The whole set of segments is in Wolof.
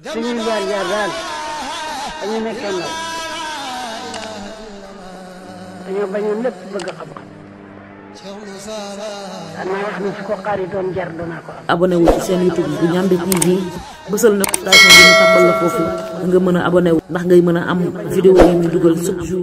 suñuy jaar jaar daal dañu nekkee ndaw dañoo bañoon lépp bëgg xam-xam daanaa wax ne su ko xaari doon jar doonaa ko am. abonné wu ci seen YouTube bu Ndiamé TV bësal na station bi foofu nga mën a abonné wu. ndax ngay mën a am vidéo yi ñu dugal chaque jour.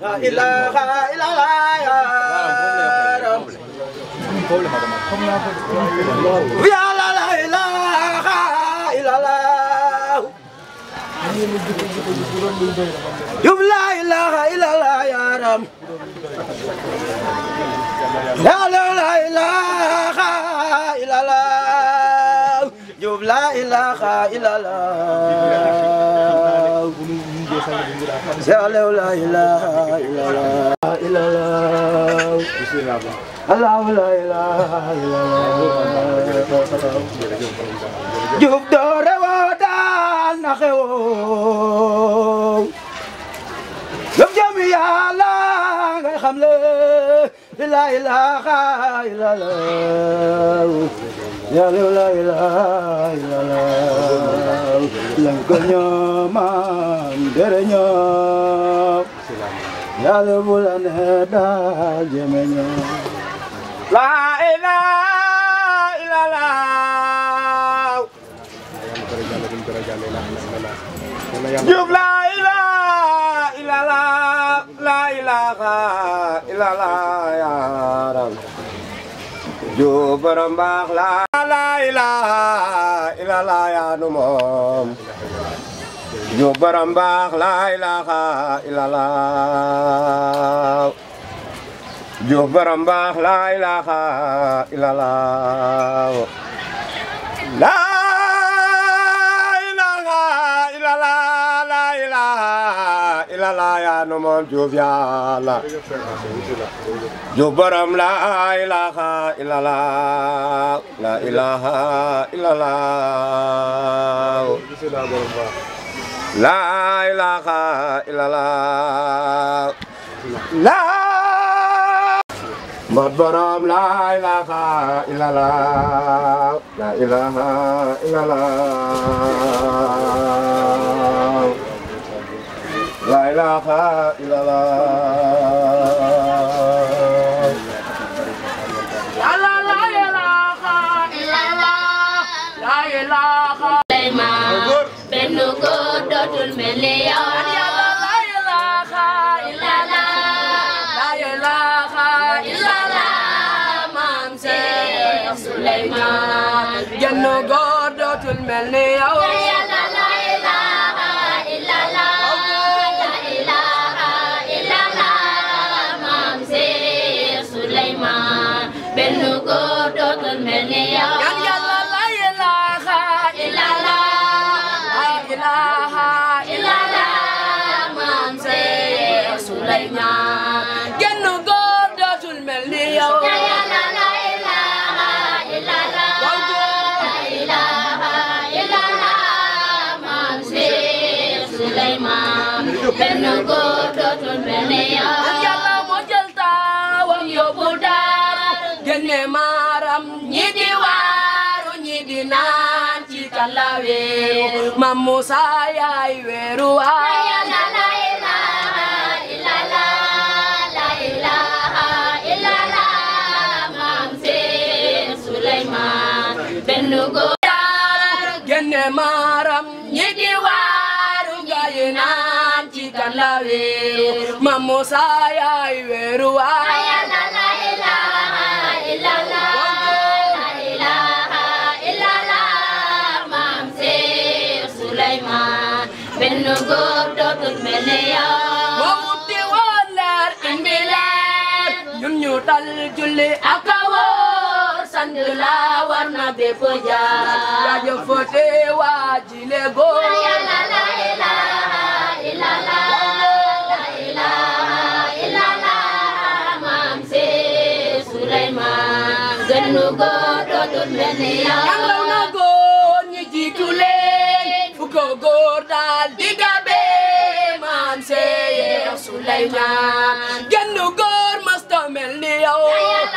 La ya la la ilaha ya Rabbi. Diouf laa ilaaha illallaah Seexalew laa ilaaha illallaah Allahu laa ilaaha illallaah Diouf doore woo daal na xewoo gëm jëm Yàlla ngay xamle laa ilaaha illallaah يا لو لا إله إلا الله لنكو نيومان در نيوم يا لو بولان هدا جميع لا إله إلا الله جب لا إله إلا الله لا إله إلا الله يا رب borom baax la la ilaha illallah yaa nu moom ñu borom la ilaha illallah na laa nu moom Diouf yàlla Diouf borom laa ilaha illallah la ilaha illallah la ilaha illallah la mat borom la ilaha illallah la ilaha illallah لا إله إلا الله لا لا إله إلا الله لا إله إلا الله بنو قدوت المليون سليمان جنو قدوت المليون wéeru Mam Musa yaay wéeru waay ah. genne maram ñetti waaru ngay naan ci kan la wéeru Mam Musa yaay wéeru waay ah. benn góor dootul mel ne yow. wa wuti woon leer indi leer. ñun ñu tal julli ak a woor. sant la war na bépp jaar. jaajëfote waa jile góor. yàlla la ilaha illallah. Gënu góor dootul mel ne yow. góor maam Seex Suleymaan genn góor góor dootul mel ni yow ñaan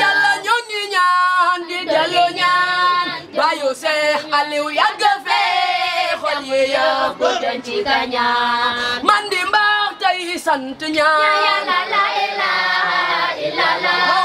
yàlla ñoo ñaan di dellu ñaan bàyyu Seex Aliw yàgg fee xol yi yëpp bëgg ci kañaan man di sant ñaan ya la la ilaha e, e, illallah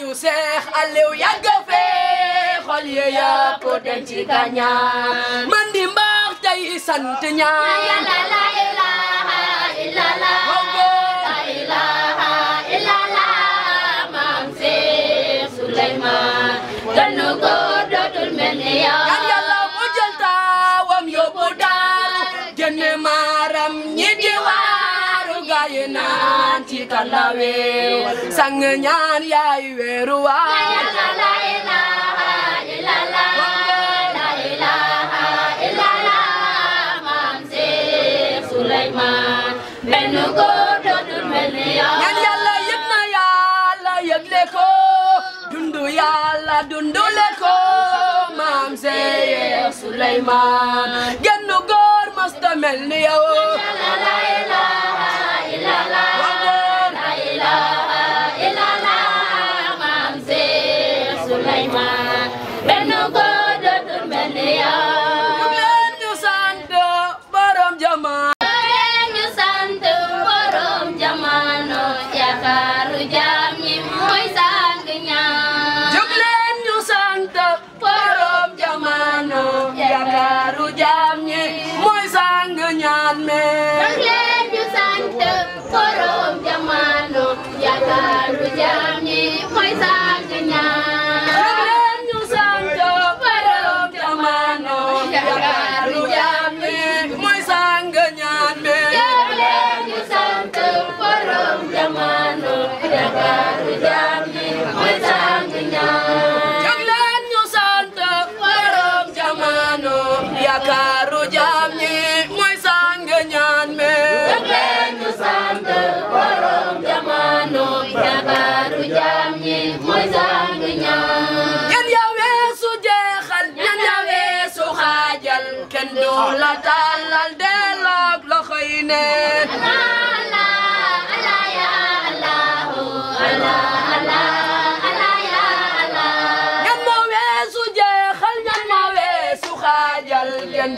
e, seex Aliou yàgg fee xol ye yaa ko denc ka ñaan man di mbaax tey sant ñaan ci kan la wéeru sang ñaan yaay wéeru waay la ilaha illallah la ilaha illallah maam Seex Suleymaan benn góor dootul mel ni yow ñaan yàlla yëg na yàlla yëgle ko dundu yàlla dundule ko maam Seex Suleymaan genn góor masta mel ni yow さ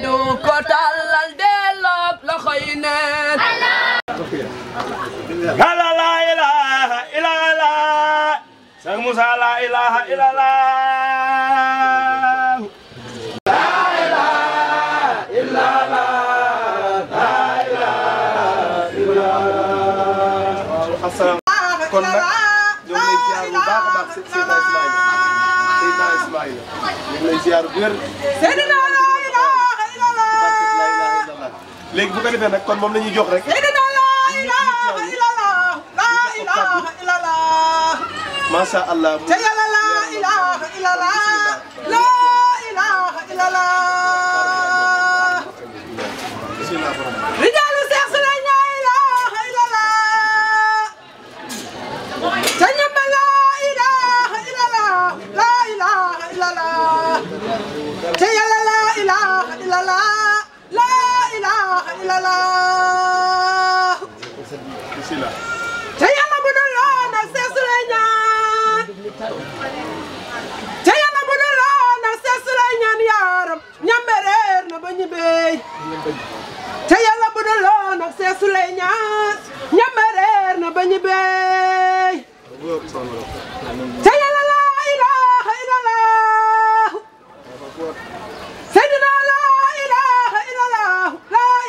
du ko tàllal delloog loxo yi neen ala la ilaha illa la Sëñ Musa la ilaha illa la kon nag ñoo ngi lay ziar bu baax a baax Seydina Ismaïla Seydina Ismaïla ñoo ngi lay ziar bu wér léegi bu ko defee nag kon moom la ñuy jox rek. macha allah. Sayyidina la la ilaha illallah la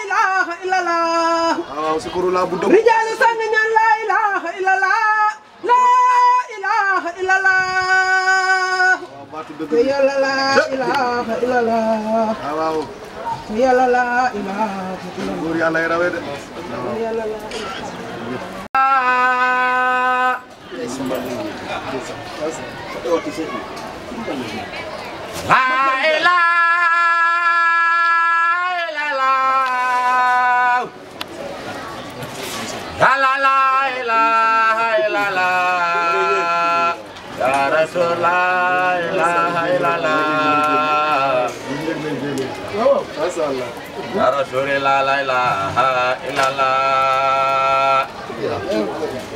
ilaha illallah ah, bu ah, dëgg rijaal يا رسول الله لا اله الا الله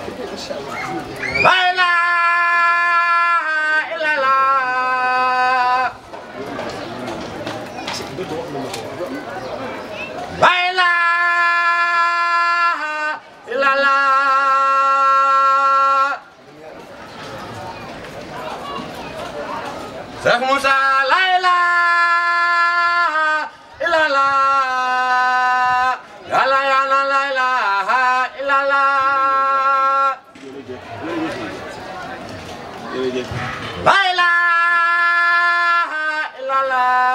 jërëjëf. la ilaha illallah.